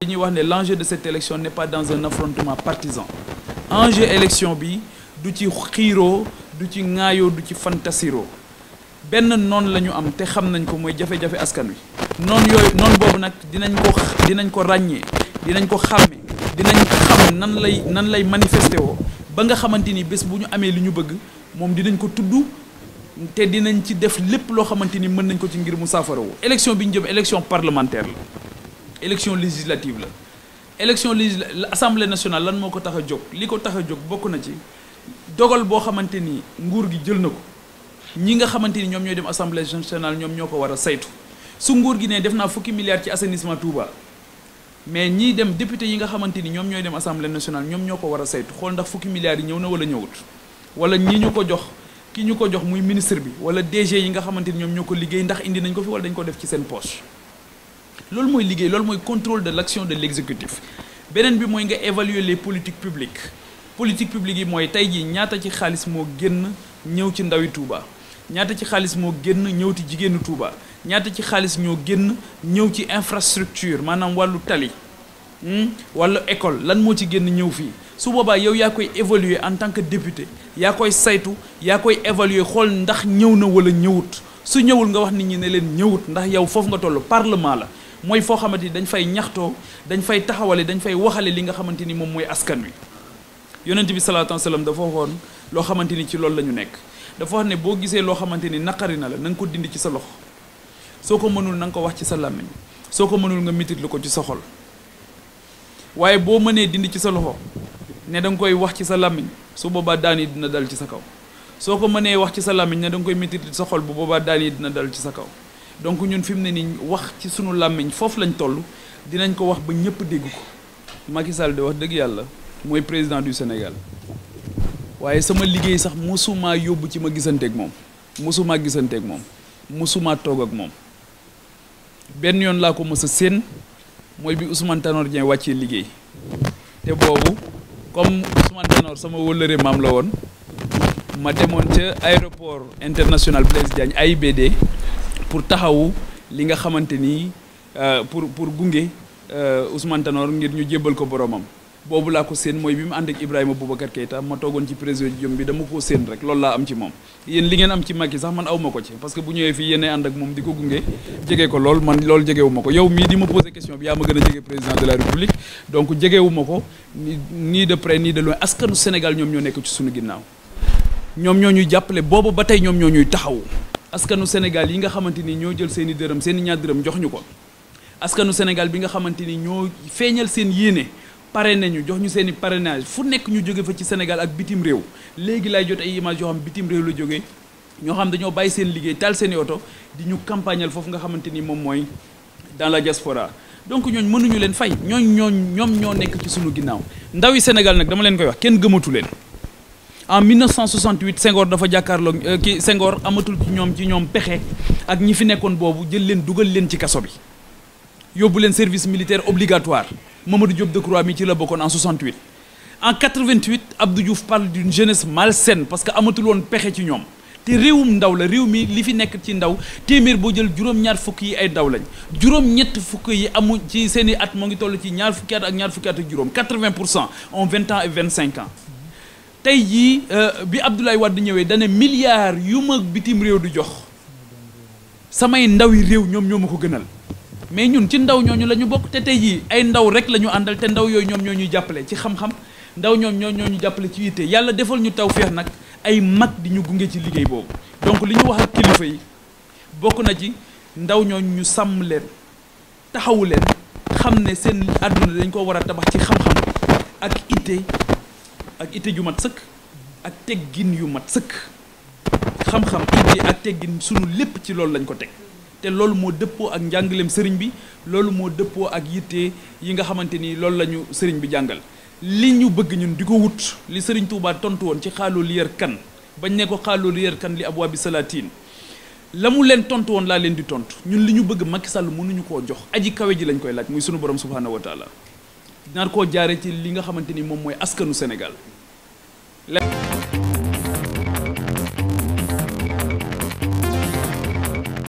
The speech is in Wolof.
li ñuy wax ne l'enjeu de cette élection n'est pas dans un affrontement partisan enjeu élection bi du ci xiiroo du ci ŋaayoo du ci fantasiroo benn noon lañu am te xam nañ ko mooy jafe-jafe askan wi noon yooyu noon boobu nag dinañ ko dinañ ko ràññee dinañ ko xàmme dinañ xam nan lay nan lay manifesté woo ba nga xamante ni bés bu ñu amee li ñu bëgg moom dinañ ko tudd te dinañ ci def lépp loo xamante ni mën nañ ko ci ngir mu saafarawu élection bi ñu jëm élection parlementaire la élection législative la élection législative assemblée nationale lan moo ko tax a jóg li ko tax a jóg bokk na ci dogal boo xamante ni nguur gi jël na ko ñi nga xamante ni ñoom ñooy dem assemblée nationale ñoom ñoo war a saytu su nguur gi ne def naa fukki milliards ci assainissement Touba mais ñiy dem député yi nga xamante ni ñoom ñooy dem assemblée nationale ñoom ñoo ko war a saytu xool ndax fukki milliards yi ñëw na wala ñëwut wala ñi ñu ko jox ki ñu ko jox muy ministre bi wala DG yi nga xamante ni ñoom ñoo ko liggéey ndax indi nañ ko fi wala dañ ko def ci seen poche loolu mooy liggéey loolu mooy contrôle de l'action de l'exécutif beneen bi mooy nga évaluer les politiques publiques politique publique yi mooy tey ji ñaata ci xaalis moo génn ñëw ci ndawi Touba ñaata ci xaalis moo génn ñëw ci jigéenu Touba ñaata ci xaalis ñoo génn ñëw ci infrastructure maanaam wàllu tali hmm, wàllu école lan moo ci génn ñëw fii su boobaa yow yaa koy évaluer en tant que député yaa koy saytu yaa koy évaluer xool ndax ñëw na wala ñëwut su ñëwul nga wax nit ñi ne leen ñëwut ndax yow foofu nga toll parlement la mooy foo xamante ni dañ fay ñaxtoo dañ fay taxawale dañ fay waxale li nga xamante ni moom mooy askan wi yonent bi salaatu wa salaam dafa waxoon loo xamante ni ci loolu la ñu nekk dafa wax ne boo gisee loo xamante ni naqari na la na nga ko dindi ci sa loxo soo ko mënul na nga ko wax ci sa làmmiñ soo ko mënul nga mitit lu ko ci sa waaye boo mënee dindi ci sa loxo ne da nga koy wax ci sa làmmiñ su boobaa daan yi dina dal ci sa kaw soo ko mënee wax ci sa làmmiñ ne danga koy métti sa xol bu boobaa daan yi dina dal ci sa kaw donc ñun fi mu ne nii wax ci suñu làmmiñ foofu lañ toll dinañ ko wax ba ñëpp dégg ko Macky Sall de wax dëgg yàlla mooy président du Sénégal waaye sama liggéey sax mosumaa yóbbu ci ma gisanteeg moom mosumaa gisanteeg moom mosumaa toog ak moom benn yoon laa ko mës a séen mooy bi Ousmane Tanor Dieng wàccee liggéey te comme Ousmane Tanor sama wëllëre maam la woon ma demoon ca aéroport international Blaise Diagne AIBD pour taxawu li nga xamante ni euh, pour pour gunge euh, Ousmane Tanor ngir ñu jébbal ko boromam. boobu laa ko seen mooy bi mu ànd ak Ibrahima Boubacar Keita ma toogoon ci présidium bi dama koo seen rek loolu laa am ci moom yéen li ngeen am ci Macky sax man aw ma ko ci parce que bu ñëwee fii yéenee ànd ak moom di ko gunge jege ko lool man loolu jegewu ma ko yow mii di ma posé question bi yaa ma gën a jege président de la république donc jegewu ma ko nii de près nii de loin askanu Sénégal ñoom ñoo nekk ci suñu ginnaaw ñoom ñoo ñuy jàppale boobu ba tey ñoom ñoo ñuy taxawu askanu Sénégal yi nga xamante ni ñoo jël seen i dërëm seen i ñaar jox ñu ko askanu Sénégal bi nga xamante ni ñoo feeñal seen yéene pare nañu jox ñu seen parrainage fu nek ñu joggé fa ci Sénégal ak bitim réew légui lay jot ay image yo xam bitim réew lu joggé ño xam dañu bay seen liggéey tal seen auto di ñu campagnal fofu nga xamanteni mom moy dans la diaspora donc ñoñ mënu ñu leen fay ñoñ ñoñ ñoom ño nek ci sunu ginnaaw ndawi Sénégal nak dama leen koy wax kenn gëmatu leen en 1968 Senghor dafa jakarlo euh, ki Senghor amatul ci ñom ci ñom pexé ak ñi fi nekkon bobu jël leen duggal leen ci kasso bi yobul leen service militaire obligatoire Mamadou Diop Decroix mi ci la bokkoon en 68 en 88 Abdou Diouf parle d'une jeunesse malsaine parce que amatul woon pexe ci ñoom te réewum ndaw la réew mi li fi nekk ci ndaw téeméer boo jël juróom-ñaar fukk yi ay ndaw lañ juróom-ñett fukk yi amu ci seen i at moo ngi toll ci ñaar fukki at ak ñaar fukki at ak 80 en 20 ans et 25 ans tey jii euh, bi Abdoulaye Wade ñëwee dane milliards yu ma bitim réew du jox samay ndaw yi réew ñoom ñoo ma ko gënal mais ñun ci ndaw ñooñu la ñu bokk te tey jii ay ndaw rek la ñu àndal te ndaw yooyu ñoom ñoo ñuy jàppale ci xam-xam ndaw ñoom ñoo ñoo ñu jàppale ci ite yàlla defal ñu tawféex nag ay mag di ñu gunge ci liggéey boobu donc li ñu wax ak kilifa yi bokk na ci ndaw ñooñ ñu sàmm leen taxawu leen xam ne seen àdduna lañ ko war a tabax ci xam-xam ak itte ak itte ju mat sëkk ak teggin yu mat sëkk xam-xam itte ak teggin sunu lépp ci loolu lañ ko teg te loolu moo dëppoo ak njàngaleem sëriñ bi loolu moo dëppoo ak yitte yi nga xamante ni loolu la ñu sëriñ bi jàngal li ñu bëgg ñun di ko wut li sëriñ tuubaat tontu woon ci xaaloo liyer kan bañ ne ko xaaloo liyer kan li abwaabi salaatiin la mu leen tontu woon laa leen di tontu ñun li ñu bëgg Macky Sall mënuñu koo jox aji kawe ji lañ koy laaj muy sunu borom subhaanahu wa taala nar koo jaare ci li nga xamante ni moom mooy askanu Sénégal.